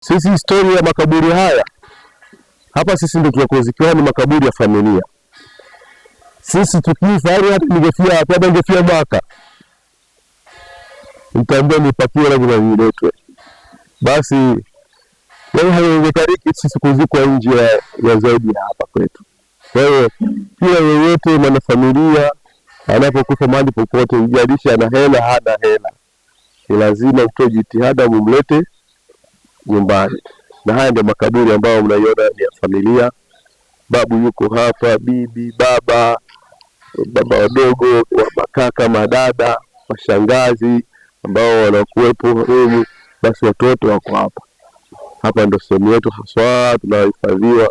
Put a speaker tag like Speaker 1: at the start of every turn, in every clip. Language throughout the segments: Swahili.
Speaker 1: Sisi historia ya makaburi haya hapa, sisi ndio tunakozikiwa ni makaburi ya familia. Sisi tukifa hapa, ningefia hapa, hata ningefia mwaka nitaambia nipakie lazima niletwe. Basi leo yaani haiwezekaniki sisi kuzikwa nje ya ya zaidi ya hapa kwetu. Kwa hiyo kila yeyote mwana familia anapokufa mahali popote, ijalishi ana hela hana hela, ni lazima utoe jitihada mumlete nyumbani Na haya ndio makaburi ambayo mnaiona ni ya familia. Babu yuko hapa, bibi, baba, baba wadogo wa makaka, madada, washangazi ambao wanakuwepo humu, basi watoto wako hapa. Hapa ndio sehemu yetu haswa tunahifadhiwa.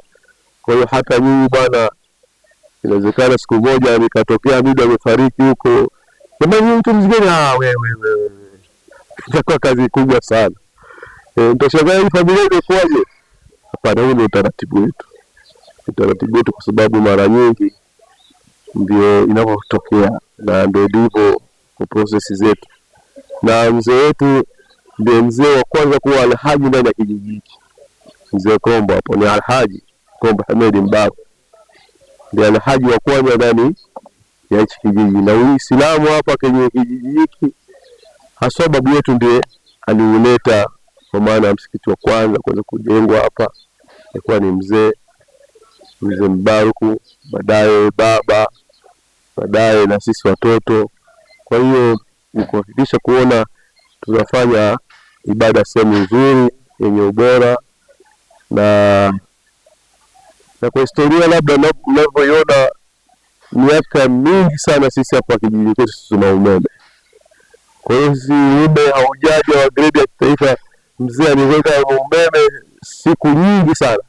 Speaker 1: Kwa hiyo hata nyinyi bwana, inawezekana siku moja nikatokea bibi amefariki huko, jamani, mtu mzigeni, wewe, itakuwa kazi kubwa sana. Eh, hii familia imekuwaje? Hapana, huu ni utaratibu wetu, utaratibu wetu, kwa sababu mara nyingi ndio inavyotokea na ndio ndivyo prosesi zetu, na mzee wetu ndio mzee wa kwanza kuwa alhaji ndani ya kijiji hiki. Mzee Kombo hapo ni alhaji Kombo Hamedi Mbaru, ndio alhaji wa kwanza ndani ya hichi kijiji, na Uislamu hapa kwenye kijiji hiki haswa babu yetu ndiye aliuleta kwa maana msikiti wa kwanza kuweza kujengwa hapa alikuwa ni mzee mzee Mbaruku, baadaye baba, baadaye na sisi watoto. Kwa hiyo ni kuhakikisha kuona tunafanya ibada sehemu nzuri yenye ubora na na kwa historia labda mnavyoiona miaka mingi sana, sisi hapa kijiji chetu tuna umeme. Kwa hiyo sisi umeme haujaja wa gredi mzee aliweka umeme siku nyingi sana,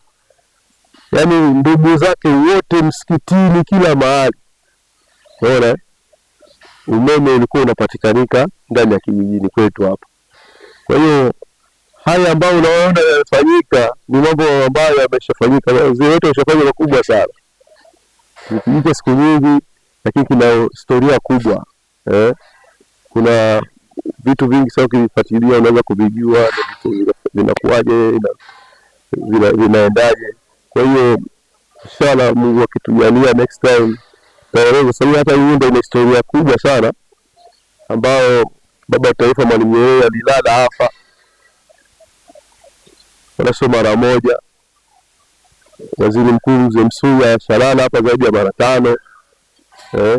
Speaker 1: yaani ndugu zake wote msikitini, kila mahali. ona umeme ulikuwa unapatikanika ndani ya kijijini kwetu hapa. Kwa hiyo haya ambayo unaona yanafanyika ni mambo ambayo yameshafanyika, wazee wote wameshafanya makubwa sana. Kijiji siku nyingi, lakini kuna historia kubwa eh? kuna vitu vingi sana ukivifuatilia unaweza kuvijua vinakuwaje, vinaendaje. Kwa hiyo inshallah, Mungu akitujalia next time taeleza sababu hata hii ndio ina historia kubwa sana ambayo baba wa taifa Mwalimu Nyerere alilala hapa wala mara moja. Waziri Mkuu Mzee Msuya shalala hapa zaidi ya mara tano eh.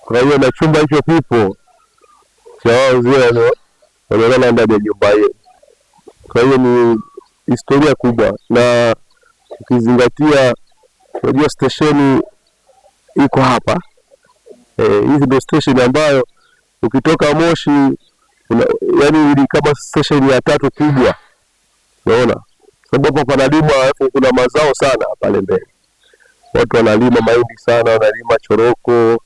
Speaker 1: Kwa hiyo na chumba hicho kipo wanaonekana ndani ya nyumba hiyo. Kwa hiyo ni historia kubwa, na ukizingatia, unajua stesheni iko hapa e, hizi, e, ndio stesheni ambayo ukitoka Moshi una, yani ni kama stesheni ya tatu kubwa, unaona sababu hapa panalimwa, alafu kuna mazao sana pale mbele, watu wanalima mahindi sana, wanalima choroko,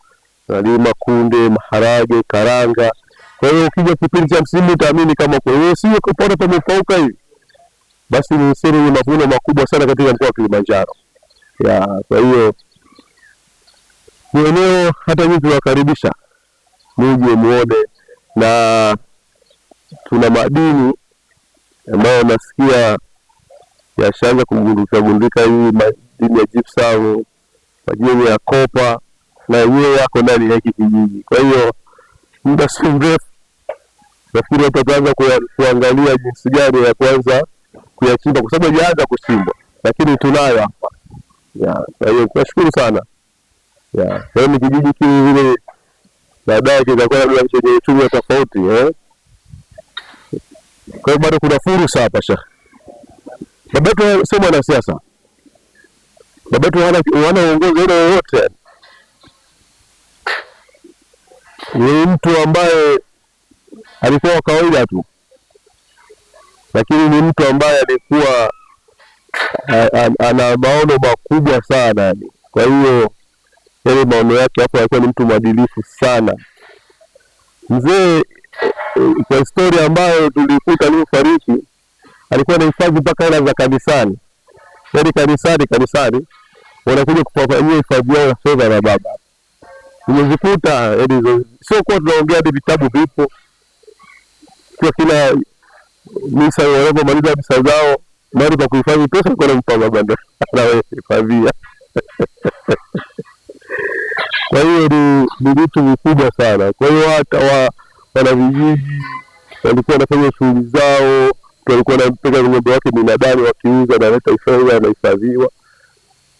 Speaker 1: wanalima kunde, maharage, karanga kwa hiyo ukija kipindi cha msimu utaamini kama hiyo sio kupata pamefauka hivi, basi ni siri ni mavuno makubwa sana katika mkoa wa Kilimanjaro ya. Kwa hiyo ni eneo hata mimi tunawakaribisha muje muone, na tuna madini ambayo nasikia yashaanza kugundulika gundulika, hii madini ya gypsum, madini ya kopa na yeye yako ndani ya hiki kijiji. Kwa hiyo muda si mrefu nafikiri watu wataanza kuangalia jinsi gani ya kuanza kuyachimba, kwa sababu haijaanza kuchimbwa, lakini tunayo hapa. Kwa hiyo tunashukuru sana. Kwa hiyo ni kijiji kile vile, baadaye kitakuwa labda chenye uchumi wa tofauti. Eh? Kwa hiyo bado kuna fursa hapa. Shekhe, babetu sio mwanasiasa, babetu wana uongozi ule wowote, ni mtu ambaye alikuwa wa kawaida tu, lakini ni mtu ambaye alikuwa ana maono makubwa sana. Kwa hiyo yale maono yake hapo, alikuwa ni mtu mwadilifu sana mzee. Kwa historia ambayo tulikuta aliyofariki, alikuwa anahifadhi mpaka hela za kanisani, yaani kanisani kanisani wanakuja kufanyia hifadhi yao ya fedha na baba umezikuta, sio kuwa tunaongea, ni vitabu vipo pia kila misa wanapomaliza misa zao, mali za kuhifadhi pesa nampa mabanda anawehifadhia. Kwa hiyo ni vitu vikubwa sana. Kwa hiyo hata wa wanavijiji walikuwa wanafanya shughuli zao, walikuwa wanampeka ng'ombe wake binadamu, wakiuza analeta fedha, anahifadhiwa.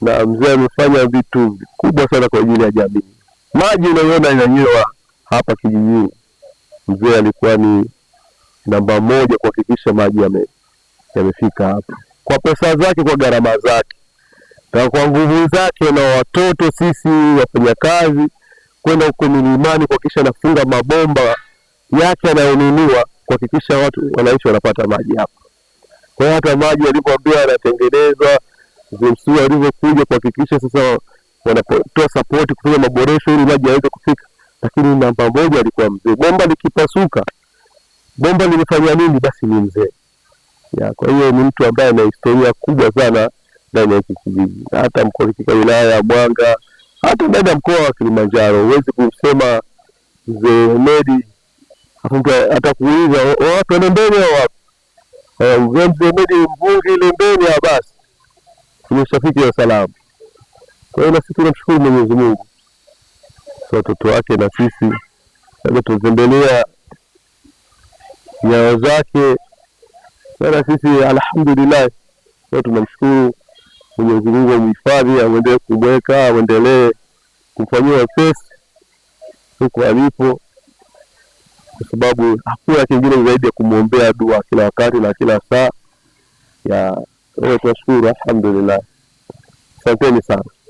Speaker 1: Na mzee amefanya vitu vikubwa sana kwa ajili ya jamii. Maji unaiona inanywewa hapa kijijini, mzee alikuwa ni namba moja kuhakikisha maji yamefika ya hapa, kwa pesa zake, kwa gharama zake na kwa nguvu zake, na watoto sisi wafanyakazi kwenda huko milimani kuhakikisha anafunga mabomba yake anayonunua kuhakikisha watu wananchi wanapata maji hapa. Kwa hiyo hata maji yalivyoambiwa anatengenezwa zimsu alivyokuja kuhakikisha sasa wanatoa sapoti kufanya maboresho ili maji yaweze kufika, lakini namba moja alikuwa mzee, bomba likipasuka bomba limefanya nini, basi ni mzee. Kwa hiyo ni mtu ambaye ana historia kubwa sana ndani ya hiki kijiji, hata mkoa katika wilaya ya Mwanga, hata ndani ya mkoa wa Kilimanjaro huwezi kumsema mzee Hemedi atakuuliza wapi Lembeni au wapi mzee mzee Hemedi Mvungi Lembeni, basi ni shafiki salamu. Kwa hiyo nasi tunamshukuru Mwenyezi Mungu kwa watoto wake na sisi labda tunatembelea nyayo zake sana. Sisi alhamdulillah, a tunamshukuru Mwenyezi Mungu amhifadhi, amwendee kumweka, amwendelee kumfanyia wepesi huko alipo, kwa sababu hakuna kingine zaidi ya kumwombea dua kila wakati na kila saa ya. Tunashukuru alhamdulillah, asanteni sana.